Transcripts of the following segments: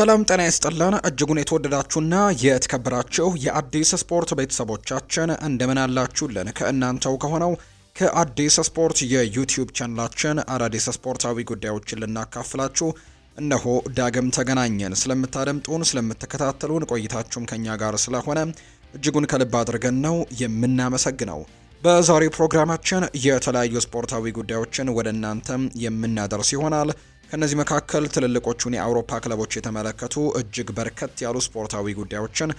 ሰላም ጤና ይስጥልን እጅጉን የተወደዳችሁና የተከበራችሁ የአዲስ ስፖርት ቤተሰቦቻችን እንደምን አላችሁልን? ከእናንተው ከሆነው ከአዲስ ስፖርት የዩቲዩብ ቻናላችን አዳዲስ ስፖርታዊ ጉዳዮችን ልናካፍላችሁ እነሆ ዳግም ተገናኘን። ስለምታደምጡን፣ ስለምትከታተሉን ቆይታችሁም ከኛ ጋር ስለሆነ እጅጉን ከልብ አድርገን ነው የምናመሰግነው። በዛሬው ፕሮግራማችን የተለያዩ ስፖርታዊ ጉዳዮችን ወደ እናንተም የምናደርስ ይሆናል። ከእነዚህ መካከል ትልልቆቹን የአውሮፓ ክለቦች የተመለከቱ እጅግ በርከት ያሉ ስፖርታዊ ጉዳዮችን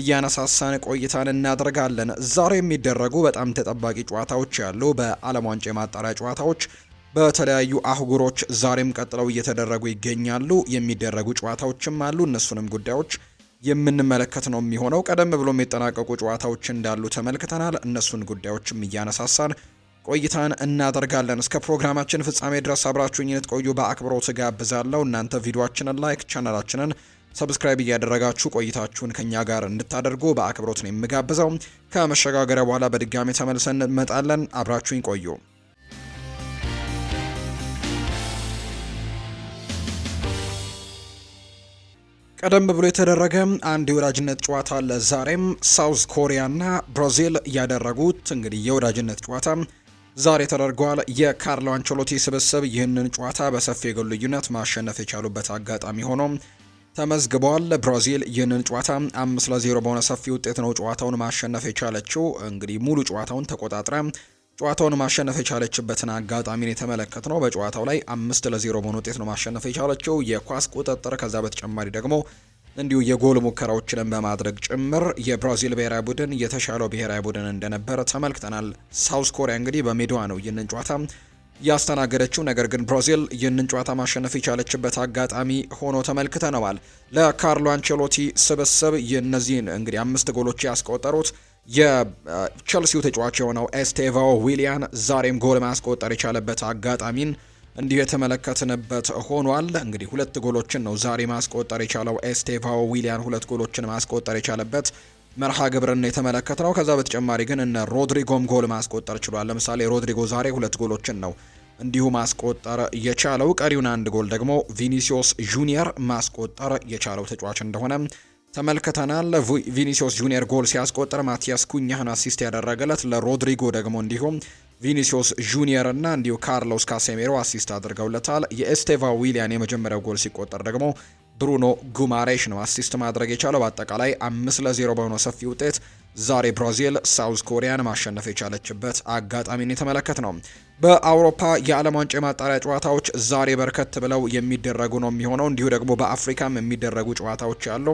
እያነሳሳን ቆይታን እናደርጋለን። ዛሬ የሚደረጉ በጣም ተጠባቂ ጨዋታዎች ያሉ በዓለም ዋንጫ የማጣሪያ ጨዋታዎች በተለያዩ አህጉሮች ዛሬም ቀጥለው እየተደረጉ ይገኛሉ። የሚደረጉ ጨዋታዎችም አሉ። እነሱንም ጉዳዮች የምንመለከት ነው የሚሆነው። ቀደም ብሎ የሚጠናቀቁ ጨዋታዎች እንዳሉ ተመልክተናል። እነሱን ጉዳዮችም እያነሳሳን ቆይታን እናደርጋለን። እስከ ፕሮግራማችን ፍጻሜ ድረስ አብራችሁኝ ልትቆዩ በአክብሮት ጋብዛለሁ። እናንተ ቪዲዮአችንን ላይክ፣ ቻናላችንን ሰብስክራይብ እያደረጋችሁ ቆይታችሁን ከኛ ጋር እንድታደርጉ በአክብሮት ነው የምጋብዘው። ከመሸጋገሪያ በኋላ በድጋሚ ተመልሰን እንመጣለን። አብራችሁኝ ቆዩ። ቀደም ብሎ የተደረገ አንድ የወዳጅነት ጨዋታ አለ። ዛሬም ሳውዝ ኮሪያና ብራዚል ያደረጉት እንግዲህ የወዳጅነት ጨዋታ ዛሬ ተደርጓል። የካርሎ አንቸሎቲ ስብስብ ይህንን ጨዋታ በሰፊ የጎል ልዩነት ማሸነፍ የቻሉበት አጋጣሚ ሆኖ ተመዝግበዋል። ብራዚል ይህንን ጨዋታ አምስት ለዜሮ በሆነ ሰፊ ውጤት ነው ጨዋታውን ማሸነፍ የቻለችው። እንግዲህ ሙሉ ጨዋታውን ተቆጣጥራ ጨዋታውን ማሸነፍ የቻለችበትን አጋጣሚን የተመለከት ነው። በጨዋታው ላይ አምስት ለዜሮ በሆነ ውጤት ነው ማሸነፍ የቻለችው። የኳስ ቁጥጥር ከዛ በተጨማሪ ደግሞ እንዲሁ የጎል ሙከራዎችንም በማድረግ ጭምር የብራዚል ብሔራዊ ቡድን የተሻለው ብሔራዊ ቡድን እንደነበረ ተመልክተናል። ሳውስ ኮሪያ እንግዲህ በሜዳዋ ነው ይህንን ጨዋታ ያስተናገደችው። ነገር ግን ብራዚል ይህንን ጨዋታ ማሸነፍ የቻለችበት አጋጣሚ ሆኖ ተመልክተነዋል። ለካርሎ አንቸሎቲ ስብስብ የእነዚህን እንግዲህ አምስት ጎሎች ያስቆጠሩት የቸልሲው ተጫዋች የሆነው ኤስቴቫ ዊሊያን ዛሬም ጎል ማስቆጠር የቻለበት አጋጣሚን እንዲሁ የተመለከትንበት ሆኗል። እንግዲህ ሁለት ጎሎችን ነው ዛሬ ማስቆጠር የቻለው ኤስቴቫ ዊሊያን ሁለት ጎሎችን ማስቆጠር የቻለበት መርሃ ግብርን የተመለከት ነው። ከዛ በተጨማሪ ግን እነ ሮድሪጎም ጎል ማስቆጠር ችሏል። ለምሳሌ ሮድሪጎ ዛሬ ሁለት ጎሎችን ነው እንዲሁ ማስቆጠር የቻለው ቀሪውን አንድ ጎል ደግሞ ቪኒሲዮስ ጁኒየር ማስቆጠር የቻለው ተጫዋች እንደሆነ ተመልክተናል። ቪኒሲዮስ ጁኒየር ጎል ሲያስቆጥር ማቲያስ ኩኛህን አሲስት ያደረገለት ለሮድሪጎ ደግሞ እንዲሁም ቪኒሲዮስ ጁኒየር እና እንዲሁ ካርሎስ ካሴሜሮ አሲስት አድርገውለታል። የኤስቴቫ ዊሊያን የመጀመሪያው ጎል ሲቆጠር ደግሞ ብሩኖ ጉማሬሽ ነው አሲስት ማድረግ የቻለው። በአጠቃላይ አምስት ለዜሮ በሆነ ሰፊ ውጤት ዛሬ ብራዚል ሳውዝ ኮሪያን ማሸነፍ የቻለችበት አጋጣሚን የተመለከት ነው። በአውሮፓ የዓለም ዋንጫ የማጣሪያ ጨዋታዎች ዛሬ በርከት ብለው የሚደረጉ ነው የሚሆነው። እንዲሁ ደግሞ በአፍሪካም የሚደረጉ ጨዋታዎች አሉ።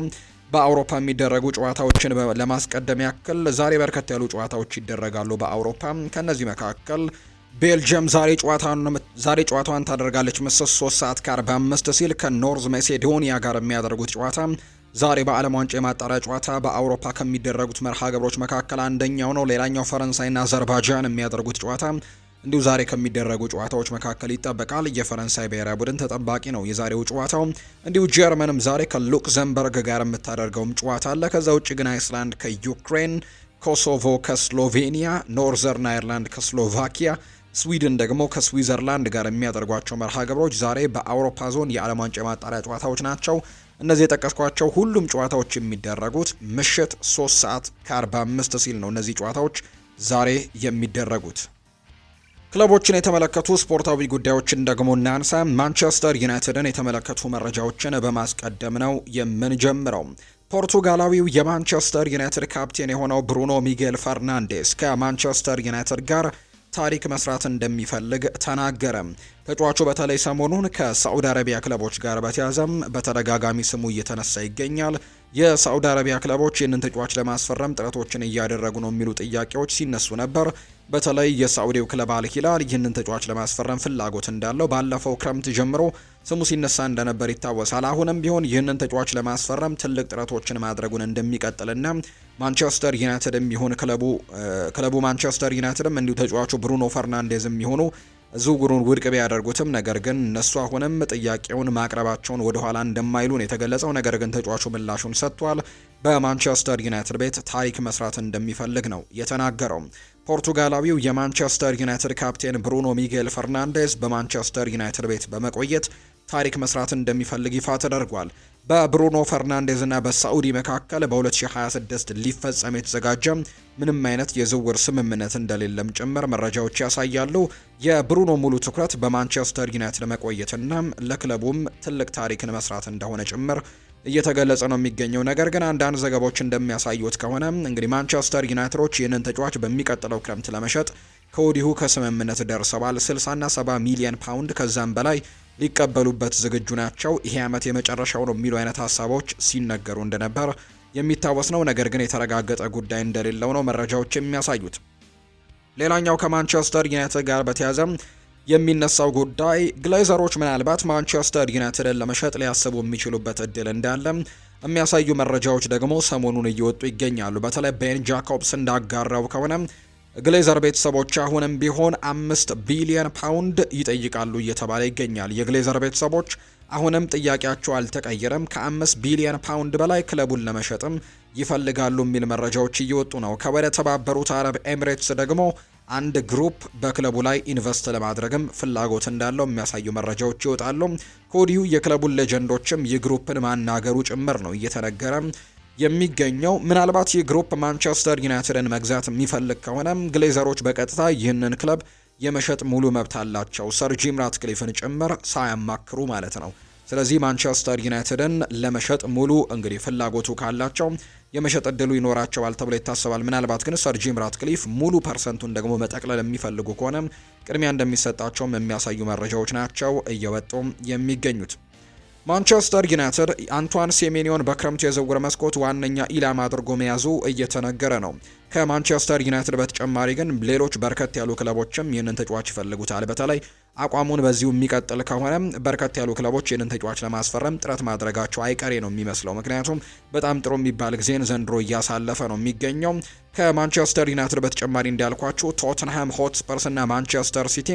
በአውሮፓ የሚደረጉ ጨዋታዎችን ለማስቀደም ያክል ዛሬ በርከት ያሉ ጨዋታዎች ይደረጋሉ በአውሮፓ። ከነዚህ መካከል ቤልጅየም ዛሬ ጨዋታዋን ታደርጋለች ምስት 3 ሰዓት ከ45 ሲል ከኖርዝ መሴዶኒያ ጋር የሚያደርጉት ጨዋታ ዛሬ በዓለም ዋንጫ የማጣሪያ ጨዋታ በአውሮፓ ከሚደረጉት መርሃ ግብሮች መካከል አንደኛው ነው። ሌላኛው ፈረንሳይና አዘርባጃን የሚያደርጉት ጨዋታ እንዲሁ ዛሬ ከሚደረጉ ጨዋታዎች መካከል ይጠበቃል። የፈረንሳይ ብሔራዊ ቡድን ተጠባቂ ነው የዛሬው ጨዋታው። እንዲሁ ጀርመንም ዛሬ ከሉክዘምበርግ ጋር የምታደርገውም ጨዋታ አለ። ከዛ ውጭ ግን አይስላንድ ከዩክሬን፣ ኮሶቮ ከስሎቬኒያ፣ ኖርዘርን አይርላንድ ከስሎቫኪያ ስዊድን ደግሞ ከስዊዘርላንድ ጋር የሚያደርጓቸው መርሃ ግብሮች ዛሬ በአውሮፓ ዞን የዓለም ዋንጫ ማጣሪያ ጨዋታዎች ናቸው። እነዚህ የጠቀስኳቸው ሁሉም ጨዋታዎች የሚደረጉት ምሽት 3 ሰዓት ከ45 ሲል ነው። እነዚህ ጨዋታዎች ዛሬ የሚደረጉት ክለቦችን የተመለከቱ ስፖርታዊ ጉዳዮችን ደግሞ እናንሳ። ማንቸስተር ዩናይትድን የተመለከቱ መረጃዎችን በማስቀደም ነው የምንጀምረው። ፖርቱጋላዊው የማንቸስተር ዩናይትድ ካፕቴን የሆነው ብሩኖ ሚጌል ፈርናንዴስ ከማንቸስተር ዩናይትድ ጋር ታሪክ መስራት እንደሚፈልግ ተናገረ። ተጫዋቹ በተለይ ሰሞኑን ከሳዑዲ አረቢያ ክለቦች ጋር በተያዘም በተደጋጋሚ ስሙ እየተነሳ ይገኛል። የሳዑዲ አረቢያ ክለቦች ይህንን ተጫዋች ለማስፈረም ጥረቶችን እያደረጉ ነው የሚሉ ጥያቄዎች ሲነሱ ነበር። በተለይ የሳዑዲው ክለብ አልሂላል ይህንን ተጫዋች ለማስፈረም ፍላጎት እንዳለው ባለፈው ክረምት ጀምሮ ስሙ ሲነሳ እንደነበር ይታወሳል። አሁንም ቢሆን ይህንን ተጫዋች ለማስፈረም ትልቅ ጥረቶችን ማድረጉን እንደሚቀጥልና ማንቸስተር ዩናይትድም ይሁን ክለቡ ክለቡ ማንቸስተር ዩናይትድም እንዲሁ ተጫዋቹ ብሩኖ ፈርናንዴዝም ይሆኑ ዝውውሩን ውድቅ ቢያደርጉትም ነገር ግን እነሱ አሁንም ጥያቄውን ማቅረባቸውን ወደኋላ እንደማይሉ የተገለጸው። ነገር ግን ተጫዋቹ ምላሹን ሰጥቷል። በማንቸስተር ዩናይትድ ቤት ታሪክ መስራት እንደሚፈልግ ነው የተናገረው። ፖርቱጋላዊው የማንቸስተር ዩናይትድ ካፕቴን ብሩኖ ሚጌል ፈርናንዴዝ በማንቸስተር ዩናይትድ ቤት በመቆየት ታሪክ መስራት እንደሚፈልግ ይፋ ተደርጓል። በብሩኖ ፈርናንዴዝ እና በሳዑዲ መካከል በ2026 ሊፈጸም የተዘጋጀ ምንም አይነት የዝውውር ስምምነት እንደሌለም ጭምር መረጃዎች ያሳያሉ። የብሩኖ ሙሉ ትኩረት በማንቸስተር ዩናይትድ መቆየትና ለክለቡም ትልቅ ታሪክን መስራት እንደሆነ ጭምር እየተገለጸ ነው የሚገኘው። ነገር ግን አንዳንድ ዘገባዎች እንደሚያሳዩት ከሆነ እንግዲህ ማንቸስተር ዩናይትዶች ይህንን ተጫዋች በሚቀጥለው ክረምት ለመሸጥ ከወዲሁ ከስምምነት ደርሰዋል። 60ና 70 ሚሊዮን ፓውንድ ከዛም በላይ ሊቀበሉበት ዝግጁ ናቸው። ይሄ ዓመት የመጨረሻው ነው የሚሉ አይነት ሀሳቦች ሲነገሩ እንደነበር የሚታወስ ነው። ነገር ግን የተረጋገጠ ጉዳይ እንደሌለው ነው መረጃዎች የሚያሳዩት። ሌላኛው ከማንቸስተር ዩናይትድ ጋር በተያያዘ የሚነሳው ጉዳይ ግሌዘሮች ምናልባት ማንቸስተር ዩናይትድን ለመሸጥ ሊያስቡ የሚችሉበት እድል እንዳለ የሚያሳዩ መረጃዎች ደግሞ ሰሞኑን እየወጡ ይገኛሉ። በተለይ ቤን ጃኮብስ እንዳጋራው ከሆነ ግሌዘር ቤተሰቦች አሁንም ቢሆን አምስት ቢሊየን ፓውንድ ይጠይቃሉ እየተባለ ይገኛል። የግሌዘር ቤተሰቦች አሁንም ጥያቄያቸው አልተቀየረም። ከአምስት ቢሊየን ፓውንድ በላይ ክለቡን ለመሸጥም ይፈልጋሉ የሚል መረጃዎች እየወጡ ነው። ከወደ ተባበሩት አረብ ኤምሬትስ ደግሞ አንድ ግሩፕ በክለቡ ላይ ኢንቨስት ለማድረግም ፍላጎት እንዳለው የሚያሳዩ መረጃዎች ይወጣሉ። ከወዲሁ የክለቡን ሌጀንዶችም የግሩፕን ማናገሩ ጭምር ነው እየተነገረ የሚገኘው። ምናልባት ይህ ግሩፕ ማንቸስተር ዩናይትድን መግዛት የሚፈልግ ከሆነ ግሌዘሮች በቀጥታ ይህንን ክለብ የመሸጥ ሙሉ መብት አላቸው፣ ሰር ጂም ራትክሊፍን ጭምር ሳያማክሩ ማለት ነው። ስለዚህ ማንቸስተር ዩናይትድን ለመሸጥ ሙሉ እንግዲህ ፍላጎቱ ካላቸው የመሸጥ እድሉ ይኖራቸዋል ተብሎ ይታሰባል። ምናልባት ግን ሰር ጂም ራትክሊፍ ሙሉ ፐርሰንቱን ደግሞ መጠቅለል የሚፈልጉ ከሆነ ቅድሚያ እንደሚሰጣቸውም የሚያሳዩ መረጃዎች ናቸው እየወጡ የሚገኙት። ማንቸስተር ዩናይትድ አንቷን ሴሜኒዮን በክረምቱ የዝውውር መስኮት ዋነኛ ኢላማ አድርጎ መያዙ እየተነገረ ነው። ከማንቸስተር ዩናይትድ በተጨማሪ ግን ሌሎች በርከት ያሉ ክለቦችም ይህንን ተጫዋች ይፈልጉታል። በተለይ አቋሙን በዚሁ የሚቀጥል ከሆነ በርከት ያሉ ክለቦች ይህንን ተጫዋች ለማስፈረም ጥረት ማድረጋቸው አይቀሬ ነው የሚመስለው። ምክንያቱም በጣም ጥሩ የሚባል ጊዜን ዘንድሮ እያሳለፈ ነው የሚገኘው። ከማንቸስተር ዩናይትድ በተጨማሪ እንዳልኳችሁ ቶትንሃም ሆትስፐርስ እና ማንቸስተር ሲቲ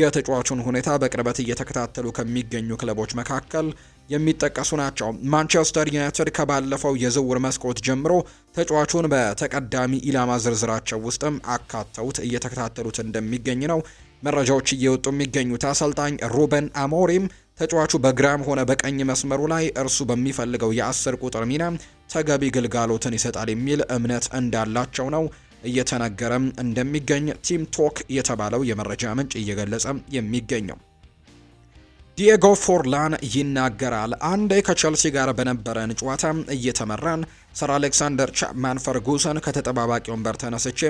የተጫዋቹን ሁኔታ በቅርበት እየተከታተሉ ከሚገኙ ክለቦች መካከል የሚጠቀሱ ናቸው። ማንቸስተር ዩናይትድ ከባለፈው የዝውውር መስኮት ጀምሮ ተጫዋቹን በተቀዳሚ ኢላማ ዝርዝራቸው ውስጥም አካተውት እየተከታተሉት እንደሚገኝ ነው መረጃዎች እየወጡ የሚገኙት። አሰልጣኝ ሩበን አሞሪም ተጫዋቹ በግራም ሆነ በቀኝ መስመሩ ላይ እርሱ በሚፈልገው የአስር ቁጥር ሚና ተገቢ ግልጋሎትን ይሰጣል የሚል እምነት እንዳላቸው ነው እየተነገረም እንደሚገኝ ቲም ቶክ የተባለው የመረጃ ምንጭ እየገለጸ የሚገኘው ዲየጎ ፎርላን ይናገራል። አንዴ ከቸልሲ ጋር በነበረን ጨዋታ እየተመራን ሰር አሌክሳንደር ቻፕማን ፈርጉሰን ከተጠባባቂ ወንበር ተነስቼ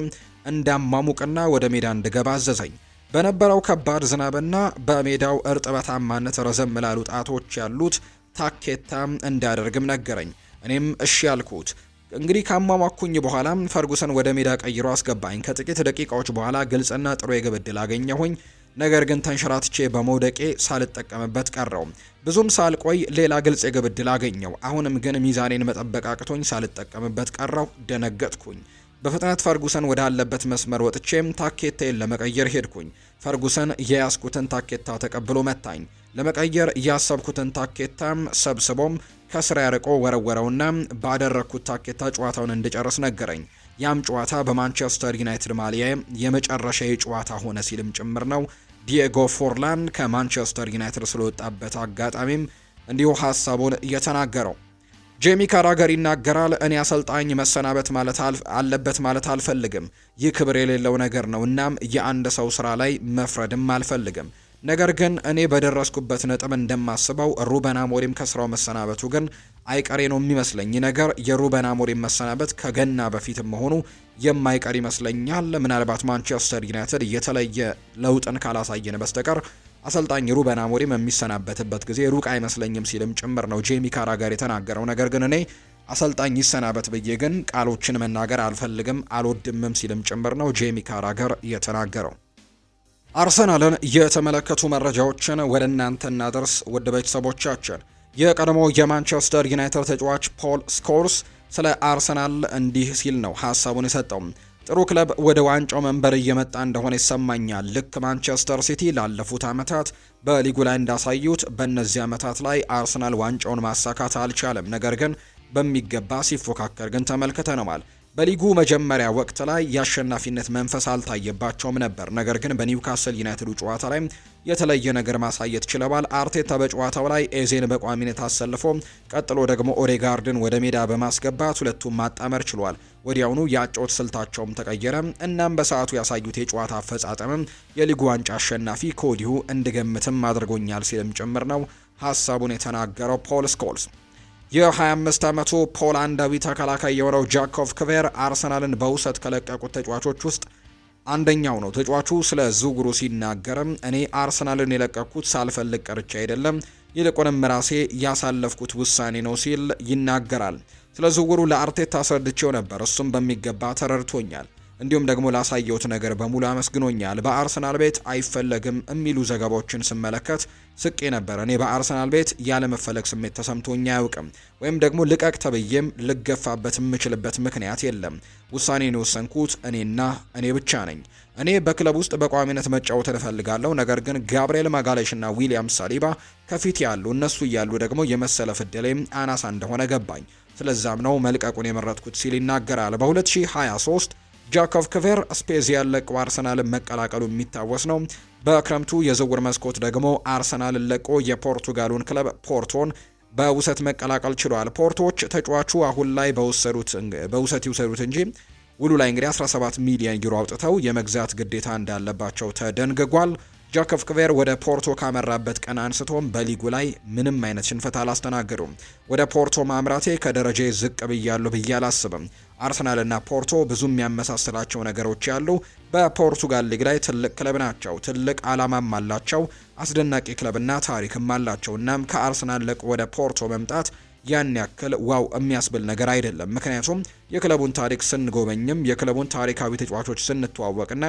እንዳማሙቅና ወደ ሜዳ እንድገባ አዘዘኝ። በነበረው ከባድ ዝናብና በሜዳው እርጥበታማነት ረዘም ላሉ ጣቶች ያሉት ታኬታ እንዳደርግም ነገረኝ። እኔም እሺ ያልኩት እንግዲህ ካሟሟኩኝ በኋላም ፈርጉሰን ወደ ሜዳ ቀይሮ አስገባኝ። ከጥቂት ደቂቃዎች በኋላ ግልጽና ጥሩ የግብ ዕድል አገኘሁኝ። ነገር ግን ተንሸራትቼ በመውደቄ ሳልጠቀምበት ቀረው። ብዙም ሳልቆይ ሌላ ግልጽ የግብ ዕድል አገኘው። አሁንም ግን ሚዛኔን መጠበቅ አቅቶኝ ሳልጠቀምበት ቀረው። ደነገጥኩኝ። በፍጥነት ፈርጉሰን ወዳለበት መስመር ወጥቼም ታኬታ ለመቀየር ሄድኩኝ። ፈርጉሰን የያዝኩትን ታኬታ ተቀብሎ መታኝ። ለመቀየር ያሰብኩትን ታኬታም ሰብስቦም ከስራ ያርቆ ወረወረውና ባደረግኩት ታኬታ ጨዋታውን እንድጨርስ ነገረኝ። ያም ጨዋታ በማንቸስተር ዩናይትድ ማሊያ የመጨረሻ ጨዋታ ሆነ ሲልም ጭምር ነው። ዲየጎ ፎርላን ከማንቸስተር ዩናይትድ ስለወጣበት አጋጣሚም እንዲሁ ሀሳቡን የተናገረው ጄሚ ካራገር ይናገራል። እኔ አሰልጣኝ መሰናበት ማለት አለበት ማለት አልፈልግም። ይህ ክብር የሌለው ነገር ነው። እናም የአንድ ሰው ስራ ላይ መፍረድም አልፈልግም። ነገር ግን እኔ በደረስኩበት ነጥብ እንደማስበው ሩበን አሞሪም ከስራው መሰናበቱ ግን አይቀሬ ነው የሚመስለኝ ነገር የሩበን አሞሪም መሰናበት ከገና በፊት መሆኑ የማይቀር ይመስለኛል። ምናልባት ማንቸስተር ዩናይትድ የተለየ ለውጥን ካላሳየን በስተቀር አሰልጣኝ ሩበን አሞሪም የሚሰናበትበት ጊዜ ሩቅ አይመስለኝም ሲልም ጭምር ነው ጄሚ ካራጋር የተናገረው። ነገር ግን እኔ አሰልጣኝ ይሰናበት ብዬ ግን ቃሎችን መናገር አልፈልግም አልወድምም ሲልም ጭምር ነው ጄሚ ካራጋር የተናገረው። አርሰናልን የተመለከቱ መረጃዎችን ወደ እናንተ እናደርስ ውድ ቤተሰቦቻችን። የቀድሞ የማንቸስተር ዩናይትድ ተጫዋች ፖል ስኮርስ ስለ አርሰናል እንዲህ ሲል ነው ሀሳቡን የሰጠው። ጥሩ ክለብ ወደ ዋንጫው መንበር እየመጣ እንደሆነ ይሰማኛል። ልክ ማንቸስተር ሲቲ ላለፉት ዓመታት በሊጉ ላይ እንዳሳዩት በእነዚህ ዓመታት ላይ አርሰናል ዋንጫውን ማሳካት አልቻለም። ነገር ግን በሚገባ ሲፎካከር ግን ተመልክተነዋል። በሊጉ መጀመሪያ ወቅት ላይ የአሸናፊነት መንፈስ አልታየባቸውም ነበር። ነገር ግን በኒውካስል ዩናይትዱ ጨዋታ ላይ የተለየ ነገር ማሳየት ችለዋል። አርቴታ በጨዋታው ላይ ኤዜን በቋሚነት አሰልፎ ቀጥሎ ደግሞ ኦዴጋርድን ወደ ሜዳ በማስገባት ሁለቱም ማጣመር ችሏል። ወዲያውኑ የአጨዋወት ስልታቸውም ተቀየረ። እናም በሰዓቱ ያሳዩት የጨዋታ አፈጻጸምም የሊጉ ዋንጫ አሸናፊ ከወዲሁ እንድገምትም አድርጎኛል ሲልም ጭምር ነው ሀሳቡን የተናገረው ፖል ስኮልስ። የ25 ዓመቱ ፖላንዳዊ ተከላካይ የሆነው ጃኮቭ ክቬር አርሰናልን በውሰት ከለቀቁት ተጫዋቾች ውስጥ አንደኛው ነው። ተጫዋቹ ስለ ዝውውሩ ሲናገርም እኔ አርሰናልን የለቀኩት ሳልፈልግ ቀርቼ አይደለም፣ ይልቁንም ራሴ ያሳለፍኩት ውሳኔ ነው ሲል ይናገራል። ስለ ዝውውሩ ለአርቴታ አስረድቼው ነበር፣ እሱም በሚገባ ተረድቶኛል። እንዲሁም ደግሞ ላሳየውት ነገር በሙሉ አመስግኖኛል። በአርሰናል ቤት አይፈለግም የሚሉ ዘገባዎችን ስመለከት ስቄ ነበር። እኔ በአርሰናል ቤት ያለመፈለግ ስሜት ተሰምቶኝ አያውቅም፣ ወይም ደግሞ ልቀቅ ተብዬም ልገፋበት የምችልበት ምክንያት የለም። ውሳኔን የወሰንኩት እኔና እኔ ብቻ ነኝ። እኔ በክለብ ውስጥ በቋሚነት መጫወት እንፈልጋለሁ ነገር ግን ጋብርኤል ማጋሌሽና ዊሊያም ሳሊባ ከፊት ያሉ እነሱ እያሉ ደግሞ የመሰለፍ ዕድሌም አናሳ እንደሆነ ገባኝ። ስለዛም ነው መልቀቁን የመረጥኩት ሲል ይናገራል። በ2023 ጃኮቭ ክቬር ስፔዝ ለቆ አርሰናልን መቀላቀሉ የሚታወስ ነው። በክረምቱ የዝውውር መስኮት ደግሞ አርሰናልን ለቆ የፖርቱጋሉን ክለብ ፖርቶን በውሰት መቀላቀል ችሏል። ፖርቶዎች ተጫዋቹ አሁን ላይ በውሰት ይውሰዱት እንጂ ውሉ ላይ እንግዲህ 17 ሚሊዮን ዩሮ አውጥተው የመግዛት ግዴታ እንዳለባቸው ተደንግጓል። ጃኮቭ ክቬር ወደ ፖርቶ ካመራበት ቀን አንስቶም በሊጉ ላይ ምንም አይነት ሽንፈት አላስተናገዱም። ወደ ፖርቶ ማምራቴ ከደረጃ ዝቅ ብያለሁ ብዬ አላስብም። አርሰናልና ፖርቶ ብዙ የሚያመሳስላቸው ነገሮች ያሉ፣ በፖርቱጋል ሊግ ላይ ትልቅ ክለብ ናቸው። ትልቅ አላማም አላቸው። አስደናቂ ክለብና ታሪክም አላቸው። እናም ከአርሰናል ለቅ ወደ ፖርቶ መምጣት ያን ያክል ዋው የሚያስብል ነገር አይደለም። ምክንያቱም የክለቡን ታሪክ ስንጎበኝም የክለቡን ታሪካዊ ተጫዋቾች ስንተዋወቅና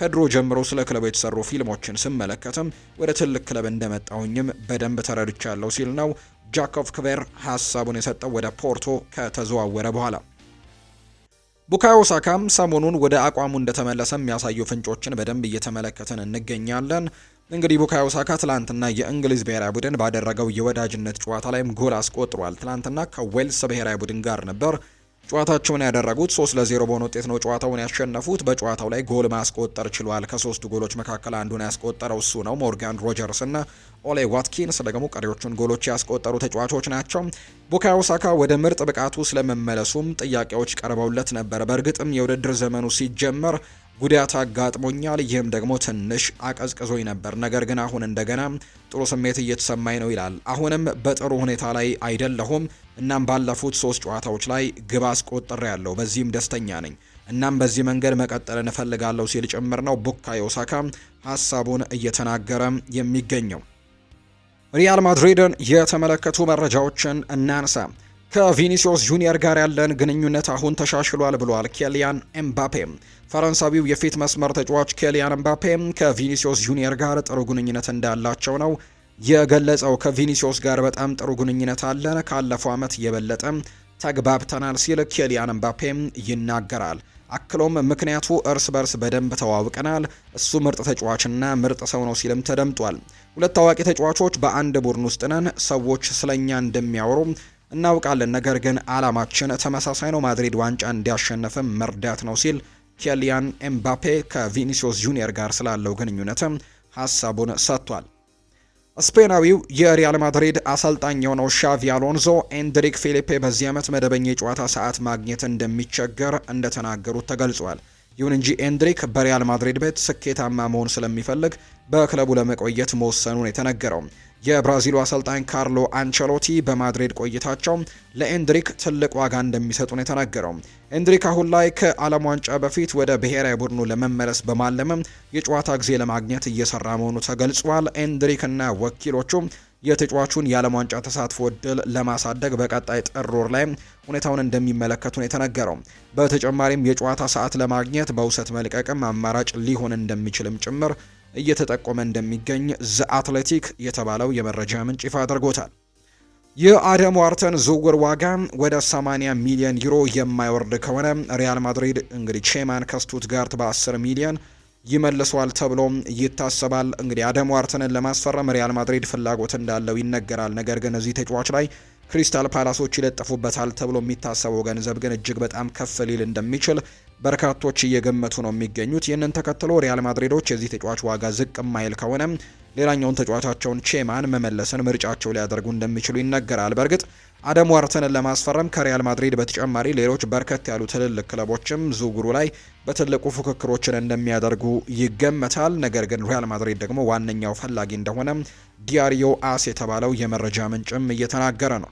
ከድሮ ጀምሮ ስለ ክለቡ የተሰሩ ፊልሞችን ስመለከትም ወደ ትልቅ ክለብ እንደመጣሁኝም በደንብ ተረድቻለሁ ሲል ነው ጃኮቭ ክቬር ሀሳቡን የሰጠው ወደ ፖርቶ ከተዘዋወረ በኋላ። ቡካዮ ሳካም ሰሞኑን ወደ አቋሙ እንደተመለሰ የሚያሳዩ ፍንጮችን በደንብ እየተመለከትን እንገኛለን። እንግዲህ ቡካዮ ሳካ ትላንትና የእንግሊዝ ብሔራዊ ቡድን ባደረገው የወዳጅነት ጨዋታ ላይም ጎል አስቆጥሯል። ትላንትና ከዌልስ ብሔራዊ ቡድን ጋር ነበር ጨዋታቸውን ያደረጉት። ሶስት ለዜሮ በሆነ ውጤት ነው ጨዋታውን ያሸነፉት። በጨዋታው ላይ ጎል ማስቆጠር ችሏል። ከሶስቱ ጎሎች መካከል አንዱን ያስቆጠረው እሱ ነው። ሞርጋን ሮጀርስ እና ኦሌ ዋትኪንስ ደግሞ ቀሪዎቹን ጎሎች ያስቆጠሩ ተጫዋቾች ናቸው። ቡካዮ ሳካ ወደ ምርጥ ብቃቱ ስለመመለሱም ጥያቄዎች ቀርበውለት ነበር። በእርግጥም የውድድር ዘመኑ ሲጀመር ጉዳት አጋጥሞኛል። ይህም ደግሞ ትንሽ አቀዝቅዞኝ ነበር። ነገር ግን አሁን እንደገና ጥሩ ስሜት እየተሰማኝ ነው ይላል። አሁንም በጥሩ ሁኔታ ላይ አይደለሁም። እናም ባለፉት ሶስት ጨዋታዎች ላይ ግብ ያለው በዚህም ደስተኛ ነኝ። እናም በዚህ መንገድ መቀጠል እንፈልጋለሁ ሲል ጭምር ነው ቡካዮ ሳካ ሀሳቡን እየተናገረ የሚገኘው። ሪያል ማድሪድን የተመለከቱ መረጃዎችን እናንሳ። ከቪኒሲዮስ ጁኒየር ጋር ያለን ግንኙነት አሁን ተሻሽሏል ብሏል ኬሊያን ኤምባፔ። ፈረንሳዊው የፊት መስመር ተጫዋች ኬሊያን ኤምባፔ ከቪኒሲዮስ ጁኒየር ጋር ጥሩ ግንኙነት እንዳላቸው ነው የገለጸው። ከቪኒሲዮስ ጋር በጣም ጥሩ ግንኙነት አለን፣ ካለፈው ዓመት የበለጠ ተግባብተናል ሲል ኬሊያን ኤምባፔ ይናገራል። አክሎም ምክንያቱ እርስ በርስ በደንብ ተዋውቀናል። እሱ ምርጥ ተጫዋችና ምርጥ ሰው ነው ሲልም ተደምጧል። ሁለት ታዋቂ ተጫዋቾች በአንድ ቡድን ውስጥ ነን። ሰዎች ስለኛ እንደሚያወሩ እናውቃለን፣ ነገር ግን አላማችን ተመሳሳይ ነው፣ ማድሪድ ዋንጫ እንዲያሸንፍም መርዳት ነው ሲል ኬሊያን ኤምባፔ ከቪኒሲዮስ ጁኒየር ጋር ስላለው ግንኙነትም ሀሳቡን ሰጥቷል። ስፔናዊው የሪያል ማድሪድ አሰልጣኝ የሆነው ሻቪ አሎንዞ ኤንድሪክ ፊሊፔ በዚህ ዓመት መደበኛ የጨዋታ ሰዓት ማግኘት እንደሚቸገር እንደተናገሩት ተገልጿል። ይሁን እንጂ ኤንድሪክ በሪያል ማድሪድ ቤት ስኬታማ መሆን ስለሚፈልግ በክለቡ ለመቆየት መወሰኑን የተነገረው የብራዚሉ አሰልጣኝ ካርሎ አንቸሎቲ በማድሪድ ቆይታቸው ለኤንድሪክ ትልቅ ዋጋ እንደሚሰጡ ነው የተናገረው። ኤንድሪክ አሁን ላይ ከዓለም ዋንጫ በፊት ወደ ብሔራዊ ቡድኑ ለመመለስ በማለምም የጨዋታ ጊዜ ለማግኘት እየሰራ መሆኑ ተገልጿል። ኤንድሪክ እና ወኪሎቹ የተጫዋቹን የዓለም ዋንጫ ተሳትፎ እድል ለማሳደግ በቀጣይ ጥር ወር ላይ ሁኔታውን እንደሚመለከቱ ነው የተነገረው። በተጨማሪም የጨዋታ ሰዓት ለማግኘት በውሰት መልቀቅም አማራጭ ሊሆን እንደሚችልም ጭምር እየተጠቆመ እንደሚገኝ ዘ አትሌቲክ የተባለው የመረጃ ምንጭ ይፋ አድርጎታል። የአደም ዋርተን ዝውውር ዋጋ ወደ 80 ሚሊዮን ዩሮ የማይወርድ ከሆነ ሪያል ማድሪድ እንግዲህ ቼማን ከስቱትጋርት በ10 ሚሊዮን ይመልሰዋል ተብሎ ይታሰባል። እንግዲህ አደም ዋርተንን ለማስፈረም ሪያል ማድሪድ ፍላጎት እንዳለው ይነገራል። ነገር ግን እዚህ ተጫዋች ላይ ክሪስታል ፓላሶች ይለጥፉበታል ተብሎ የሚታሰበው ገንዘብ ግን እጅግ በጣም ከፍ ሊል እንደሚችል በርካቶች እየገመቱ ነው የሚገኙት። ይህንን ተከትሎ ሪያል ማድሪዶች የዚህ ተጫዋች ዋጋ ዝቅ ማይል ከሆነ ሌላኛውን ተጫዋቻቸውን ቼማን መመለስን ምርጫቸው ሊያደርጉ እንደሚችሉ ይነገራል። በእርግጥ አደም ዋርተንን ለማስፈረም ከሪያል ማድሪድ በተጨማሪ ሌሎች በርከት ያሉ ትልልቅ ክለቦችም ዝውውሩ ላይ በትልቁ ፉክክሮችን እንደሚያደርጉ ይገመታል። ነገር ግን ሪያል ማድሪድ ደግሞ ዋነኛው ፈላጊ እንደሆነ ዲያሪዮ አስ የተባለው የመረጃ ምንጭም እየተናገረ ነው።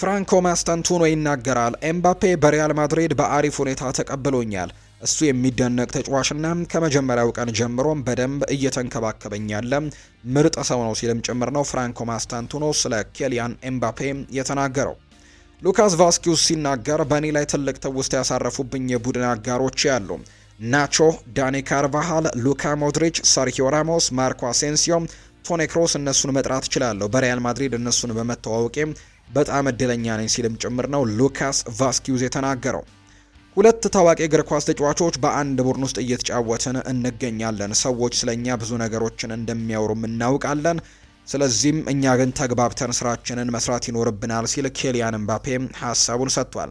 ፍራንኮ ማስታንቱኖ ይናገራል። ኤምባፔ በሪያል ማድሪድ በአሪፍ ሁኔታ ተቀብሎኛል። እሱ የሚደነቅ ተጫዋችና ከመጀመሪያው ቀን ጀምሮም በደንብ እየተንከባከበኝ ያለ ምርጥ ሰው ነው ሲልም ጭምር ነው ፍራንኮ ማስታንቱኖ ስለ ኬሊያን ኤምባፔ የተናገረው። ሉካስ ቫስኪዩስ ሲናገር በእኔ ላይ ትልቅ ትውስታ ያሳረፉብኝ የቡድን አጋሮች ያሉ ናቾ፣ ዳኒ ካርቫሃል፣ ሉካ ሞድሪች፣ ሰርኪዮ ራሞስ፣ ማርኮ አሴንሲዮ፣ ቶኔ ክሮስ እነሱን መጥራት እችላለሁ። በሪያል ማድሪድ እነሱን በመተዋወቄ በጣም እድለኛ ነኝ ሲልም ጭምር ነው ሉካስ ቫስኪዩዝ የተናገረው። ሁለት ታዋቂ እግር ኳስ ተጫዋቾች በአንድ ቡድን ውስጥ እየተጫወትን እንገኛለን። ሰዎች ስለኛ ብዙ ነገሮችን እንደሚያወሩም እናውቃለን። ስለዚህም እኛ ግን ተግባብተን ስራችንን መስራት ይኖርብናል ሲል ኬሊያን ምባፔ ሀሳቡን ሰጥቷል።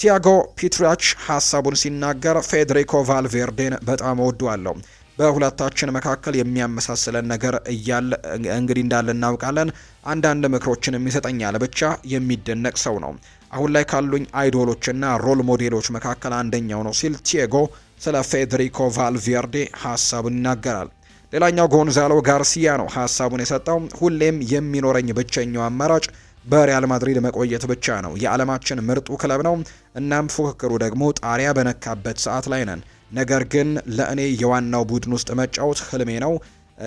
ቲያጎ ፒትሪያች ሀሳቡን ሲናገር ፌዴሪኮ ቫልቬርዴን በጣም እወደዋለሁ። በሁለታችን መካከል የሚያመሳስለን ነገር እያለ እንግዲህ እንዳለ እናውቃለን። አንዳንድ ምክሮችንም ይሰጠኛል። ብቻ የሚደነቅ ሰው ነው። አሁን ላይ ካሉኝ አይዶሎችና ሮል ሞዴሎች መካከል አንደኛው ነው ሲል ቲጎ ስለ ፌዴሪኮ ቫልቬርዴ ሀሳቡን ይናገራል። ሌላኛው ጎንዛሎ ጋርሲያ ነው ሀሳቡን የሰጠው። ሁሌም የሚኖረኝ ብቸኛው አማራጭ በሪያል ማድሪድ መቆየት ብቻ ነው። የዓለማችን ምርጡ ክለብ ነው። እናም ፉክክሩ ደግሞ ጣሪያ በነካበት ሰዓት ላይ ነን። ነገር ግን ለእኔ የዋናው ቡድን ውስጥ መጫወት ህልሜ ነው።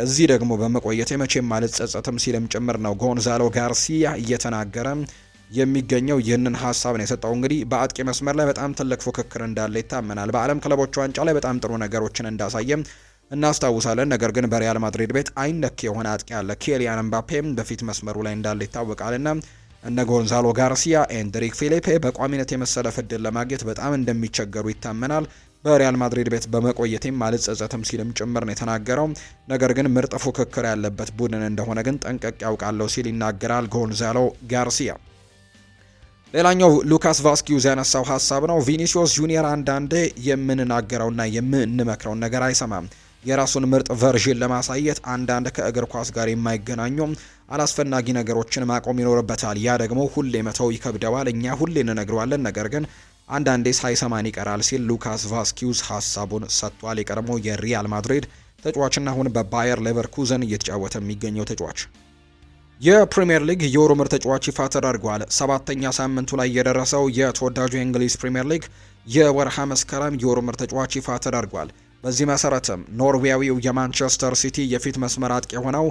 እዚህ ደግሞ በመቆየቴ መቼም አልጸጸትም ሲልም ጭምር ነው ጎንዛሎ ጋርሲያ እየተናገረ የሚገኘው ይህንን ሀሳብ ነው የሰጠው። እንግዲህ በአጥቂ መስመር ላይ በጣም ትልቅ ፉክክር እንዳለ ይታመናል። በዓለም ክለቦች ዋንጫ ላይ በጣም ጥሩ ነገሮችን እንዳሳየም እናስታውሳለን። ነገር ግን በሪያል ማድሪድ ቤት አይነክ የሆነ አጥቂ አለ። ኬሊያን ምባፔ በፊት መስመሩ ላይ እንዳለ ይታወቃልና እነ ጎንዛሎ ጋርሲያ፣ ኤንድሪክ ፊሊፔ በቋሚነት የመሰለፍ እድል ለማግኘት በጣም እንደሚቸገሩ ይታመናል። በሪያል ማድሪድ ቤት በመቆየቴም አልጸጸትም ሲልም ጭምር ነው የተናገረው። ነገር ግን ምርጥ ፉክክር ያለበት ቡድን እንደሆነ ግን ጠንቀቅ ያውቃለሁ ሲል ይናገራል ጎንዛሎ ጋርሲያ። ሌላኛው ሉካስ ቫስኪዩዝ ያነሳው ሀሳብ ነው። ቪኒሲዮስ ጁኒየር አንዳንዴ የምንናገረውና የምንመክረውን ነገር አይሰማም። የራሱን ምርጥ ቨርዥን ለማሳየት አንዳንድ ከእግር ኳስ ጋር የማይገናኙ አላስፈላጊ ነገሮችን ማቆም ይኖርበታል። ያ ደግሞ ሁሌ መተው ይከብደዋል። እኛ ሁሌ እንነግረዋለን፣ ነገር ግን አንዳንዴ ሳይሰማን ይቀራል ሲል ሉካስ ቫስኪዩስ ሀሳቡን ሰጥቷል። የቀድሞ የሪያል ማድሪድ ተጫዋችና አሁን በባየር ሌቨርኩዘን እየተጫወተ የሚገኘው ተጫዋች የፕሪምየር ሊግ የወሩ ምርጥ ተጫዋች ይፋ ተደርጓል። ሰባተኛ ሳምንቱ ላይ የደረሰው የተወዳጁ የእንግሊዝ ፕሪምየር ሊግ የወርሃ መስከረም የወሩ ምርጥ ተጫዋች ይፋ ተደርጓል። በዚህ መሰረትም ኖርዌያዊው የማንቸስተር ሲቲ የፊት መስመር አጥቂ የሆነው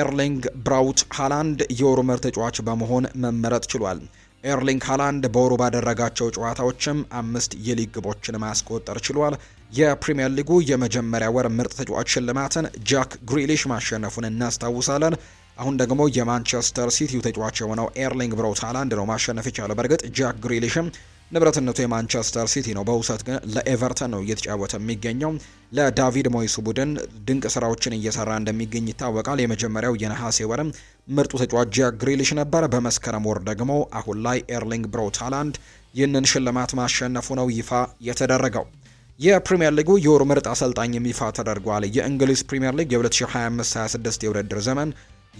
ኤርሊንግ ብራውት ሃላንድ የወሩ ምርጥ ተጫዋች በመሆን መመረጥ ችሏል። ኤርሊንግ ሃላንድ በወሩ ባደረጋቸው ጨዋታዎችም አምስት የሊግ ግቦችን ማስቆጠር ችሏል። የፕሪምየር ሊጉ የመጀመሪያ ወር ምርጥ ተጫዋች ሽልማትን ጃክ ግሪሊሽ ማሸነፉን እናስታውሳለን። አሁን ደግሞ የማንቸስተር ሲቲው ተጫዋች የሆነው ኤርሊንግ ብሮት ሃላንድ ነው ማሸነፍ የቻለው። በእርግጥ ጃክ ግሪሊሽም ንብረትነቱ የማንቸስተር ሲቲ ነው። በውሰት ግን ለኤቨርተን ነው እየተጫወተ የሚገኘው። ለዳቪድ ሞይስ ቡድን ድንቅ ስራዎችን እየሰራ እንደሚገኝ ይታወቃል። የመጀመሪያው የነሐሴ ወርም ምርጡ ተጫዋች ጃክ ግሪሊሽ ነበር። በመስከረም ወር ደግሞ አሁን ላይ ኤርሊንግ ብሮት ሃላንድ ይህንን ሽልማት ማሸነፉ ነው ይፋ የተደረገው። የፕሪምየር ሊጉ የወሩ ምርጥ አሰልጣኝም ይፋ ተደርጓል። የእንግሊዝ ፕሪምየር ሊግ የ2025/26 የውድድር ዘመን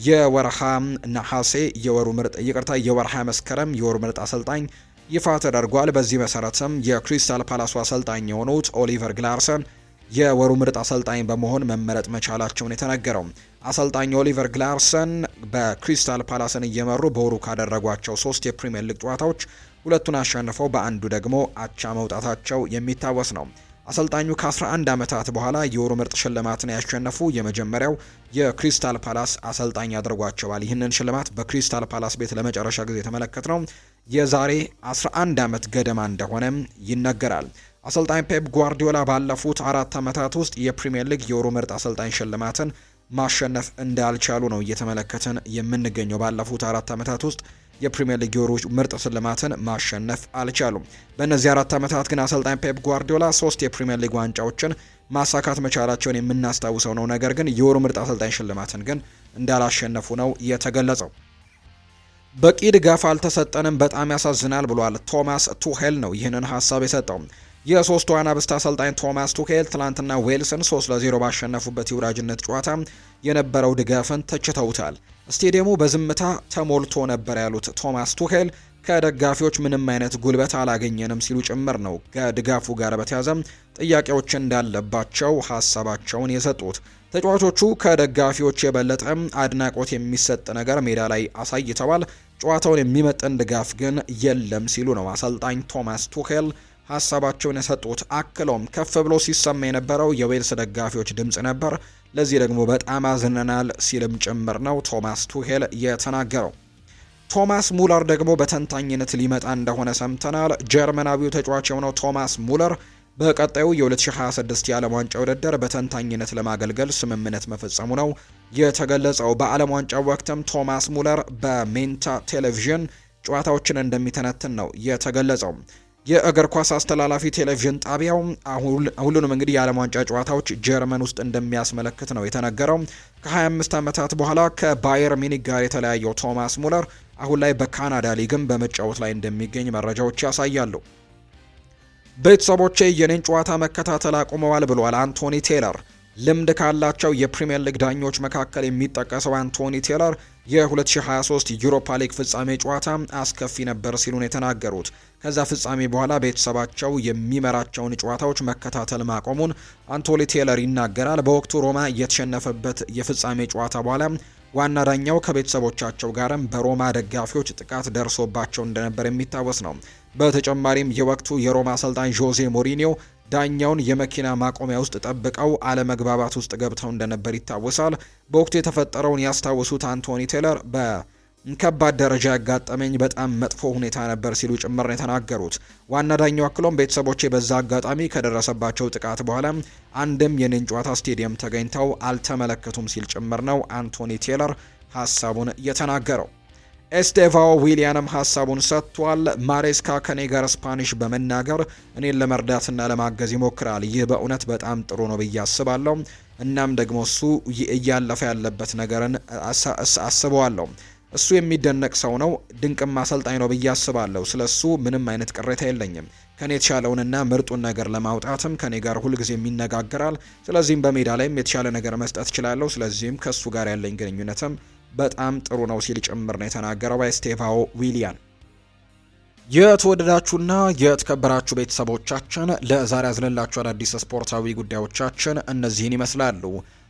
የወርሃ ነሐሴ የወሩ ምርጥ ይቅርታ የወርሃ መስከረም የወሩ ምርጥ አሰልጣኝ ይፋ ተደርጓል። በዚህ መሰረትም የክሪስታል ፓላሱ አሰልጣኝ የሆኑት ኦሊቨር ግላርሰን የወሩ ምርጥ አሰልጣኝ በመሆን መመረጥ መቻላቸውን የተነገረው አሰልጣኝ ኦሊቨር ግላርሰን በክሪስታል ፓላስን እየመሩ በወሩ ካደረጓቸው ሶስት የፕሪምየር ሊግ ጨዋታዎች ሁለቱን አሸንፈው በአንዱ ደግሞ አቻ መውጣታቸው የሚታወስ ነው። አሰልጣኙ ከ11 ዓመታት በኋላ የወሩ ምርጥ ሽልማትን ያሸነፉ የመጀመሪያው የክሪስታል ፓላስ አሰልጣኝ አድርጓቸዋል። ይህንን ሽልማት በክሪስታል ፓላስ ቤት ለመጨረሻ ጊዜ የተመለከትነው የዛሬ 11 ዓመት ገደማ እንደሆነ ይነገራል። አሰልጣኝ ፔፕ ጓርዲዮላ ባለፉት አራት ዓመታት ውስጥ የፕሪምየር ሊግ የወሩ ምርጥ አሰልጣኝ ሽልማትን ማሸነፍ እንዳልቻሉ ነው እየተመለከትን የምንገኘው። ባለፉት አራት ዓመታት ውስጥ የፕሪምየር ሊግ የወሩ ምርጥ ሽልማትን ማሸነፍ አልቻሉም። በእነዚህ አራት ዓመታት ግን አሰልጣኝ ፔፕ ጓርዲዮላ ሶስት የፕሪምየር ሊግ ዋንጫዎችን ማሳካት መቻላቸውን የምናስታውሰው ነው። ነገር ግን የወሩ ምርጥ አሰልጣኝ ሽልማትን ግን እንዳላሸነፉ ነው የተገለጸው። በቂ ድጋፍ አልተሰጠንም፣ በጣም ያሳዝናል ብሏል። ቶማስ ቱሄል ነው ይህንን ሀሳብ የሰጠው። የሶስቱ አናብስት አሰልጣኝ ቶማስ ቱኬል ትላንትና ዌልስን 3 ለ0 ባሸነፉበት የወዳጅነት ጨዋታ የነበረው ድጋፍን ተችተውታል። ስቴዲየሙ በዝምታ ተሞልቶ ነበር ያሉት ቶማስ ቱኬል ከደጋፊዎች ምንም አይነት ጉልበት አላገኘንም ሲሉ ጭምር ነው ከድጋፉ ጋር በተያዘም ጥያቄዎች እንዳለባቸው ሀሳባቸውን የሰጡት። ተጫዋቾቹ ከደጋፊዎች የበለጠ አድናቆት የሚሰጥ ነገር ሜዳ ላይ አሳይተዋል። ጨዋታውን የሚመጥን ድጋፍ ግን የለም ሲሉ ነው አሰልጣኝ ቶማስ ቱኬል ሀሳባቸውን የሰጡት። አክለውም ከፍ ብሎ ሲሰማ የነበረው የዌልስ ደጋፊዎች ድምፅ ነበር፣ ለዚህ ደግሞ በጣም አዝነናል ሲልም ጭምር ነው ቶማስ ቱሄል የተናገረው። ቶማስ ሙለር ደግሞ በተንታኝነት ሊመጣ እንደሆነ ሰምተናል። ጀርመናዊው ተጫዋች የሆነው ቶማስ ሙለር በቀጣዩ የ2026 የዓለም ዋንጫ ውድድር በተንታኝነት ለማገልገል ስምምነት መፈጸሙ ነው የተገለጸው። በዓለም ዋንጫው ወቅትም ቶማስ ሙለር በሜንታ ቴሌቪዥን ጨዋታዎችን እንደሚተነትን ነው የተገለጸው። የእግር ኳስ አስተላላፊ ቴሌቪዥን ጣቢያው ሁሉንም እንግዲህ የዓለም ዋንጫ ጨዋታዎች ጀርመን ውስጥ እንደሚያስመለክት ነው የተነገረው። ከ25 ዓመታት በኋላ ከባየር ሚኒክ ጋር የተለያየው ቶማስ ሙለር አሁን ላይ በካናዳ ሊግም በመጫወት ላይ እንደሚገኝ መረጃዎች ያሳያሉ። ቤተሰቦቼ የኔን ጨዋታ መከታተል አቁመዋል ብሏል አንቶኒ ቴለር። ልምድ ካላቸው የፕሪምየር ሊግ ዳኞች መካከል የሚጠቀሰው አንቶኒ ቴለር የ2023 ዩሮፓ ሊግ ፍጻሜ ጨዋታ አስከፊ ነበር ሲሉ ነው የተናገሩት። ከዛ ፍጻሜ በኋላ ቤተሰባቸው የሚመራቸውን ጨዋታዎች መከታተል ማቆሙን አንቶኒ ቴለር ይናገራል። በወቅቱ ሮማ የተሸነፈበት የፍጻሜ ጨዋታ በኋላ ዋና ዳኛው ከቤተሰቦቻቸው ጋርም በሮማ ደጋፊዎች ጥቃት ደርሶባቸው እንደነበር የሚታወስ ነው። በተጨማሪም የወቅቱ የሮማ አሰልጣኝ ዦዜ ሞሪኒዮ ዳኛውን የመኪና ማቆሚያ ውስጥ ጠብቀው አለመግባባት ውስጥ ገብተው እንደነበር ይታወሳል። በወቅቱ የተፈጠረውን ያስታወሱት አንቶኒ ቴለር በከባድ ደረጃ ያጋጠመኝ በጣም መጥፎ ሁኔታ ነበር ሲሉ ጭምር ነው የተናገሩት። ዋና ዳኛው አክሎም ቤተሰቦቼ በዛ አጋጣሚ ከደረሰባቸው ጥቃት በኋላ አንድም የኔን ጨዋታ ስቴዲየም ተገኝተው አልተመለከቱም ሲል ጭምር ነው አንቶኒ ቴለር ሀሳቡን የተናገረው። ኤስቴቫ ዊሊያንም ሀሳቡን ሰጥቷል። ማሬስካ ከኔ ጋር ስፓኒሽ በመናገር እኔን ለመርዳትና ለማገዝ ይሞክራል። ይህ በእውነት በጣም ጥሩ ነው ብዬ አስባለሁ። እናም ደግሞ እሱ እያለፈ ያለበት ነገርን አስበዋለሁ። እሱ የሚደነቅ ሰው ነው፣ ድንቅም አሰልጣኝ ነው ብዬ አስባለሁ። ስለ እሱ ምንም አይነት ቅሬታ የለኝም። ከኔ የተሻለውንና ምርጡን ነገር ለማውጣትም ከኔ ጋር ሁልጊዜም ይነጋገራል። ስለዚህም በሜዳ ላይም የተሻለ ነገር መስጠት እችላለሁ። ስለዚህም ከእሱ ጋር ያለኝ ግንኙነትም በጣም ጥሩ ነው ሲል ጭምር ነው የተናገረው ስቴቫኦ ዊሊያን። የተወደዳችሁና የተከበራችሁ ቤተሰቦቻችን ለዛሬ ያዝንላችሁ አዳዲስ ስፖርታዊ ጉዳዮቻችን እነዚህን ይመስላሉ።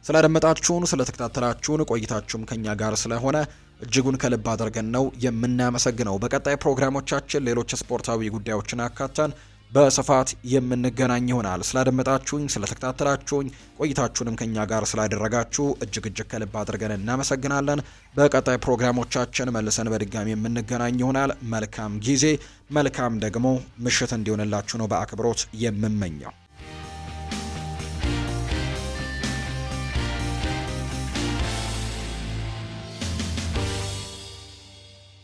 ስላደመጣችሁን፣ ስለተከታተላችሁን ቆይታችሁም ከኛ ጋር ስለሆነ እጅጉን ከልብ አድርገን ነው የምናመሰግነው። በቀጣይ ፕሮግራሞቻችን ሌሎች ስፖርታዊ ጉዳዮችን አካተን በስፋት የምንገናኝ ይሆናል። ስላደመጣችሁኝ፣ ስለተከታተላችሁኝ ቆይታችሁንም ከኛ ጋር ስላደረጋችሁ እጅግ እጅግ ከልብ አድርገን እናመሰግናለን። በቀጣይ ፕሮግራሞቻችን መልሰን በድጋሚ የምንገናኝ ይሆናል። መልካም ጊዜ፣ መልካም ደግሞ ምሽት እንዲሆንላችሁ ነው በአክብሮት የምመኘው።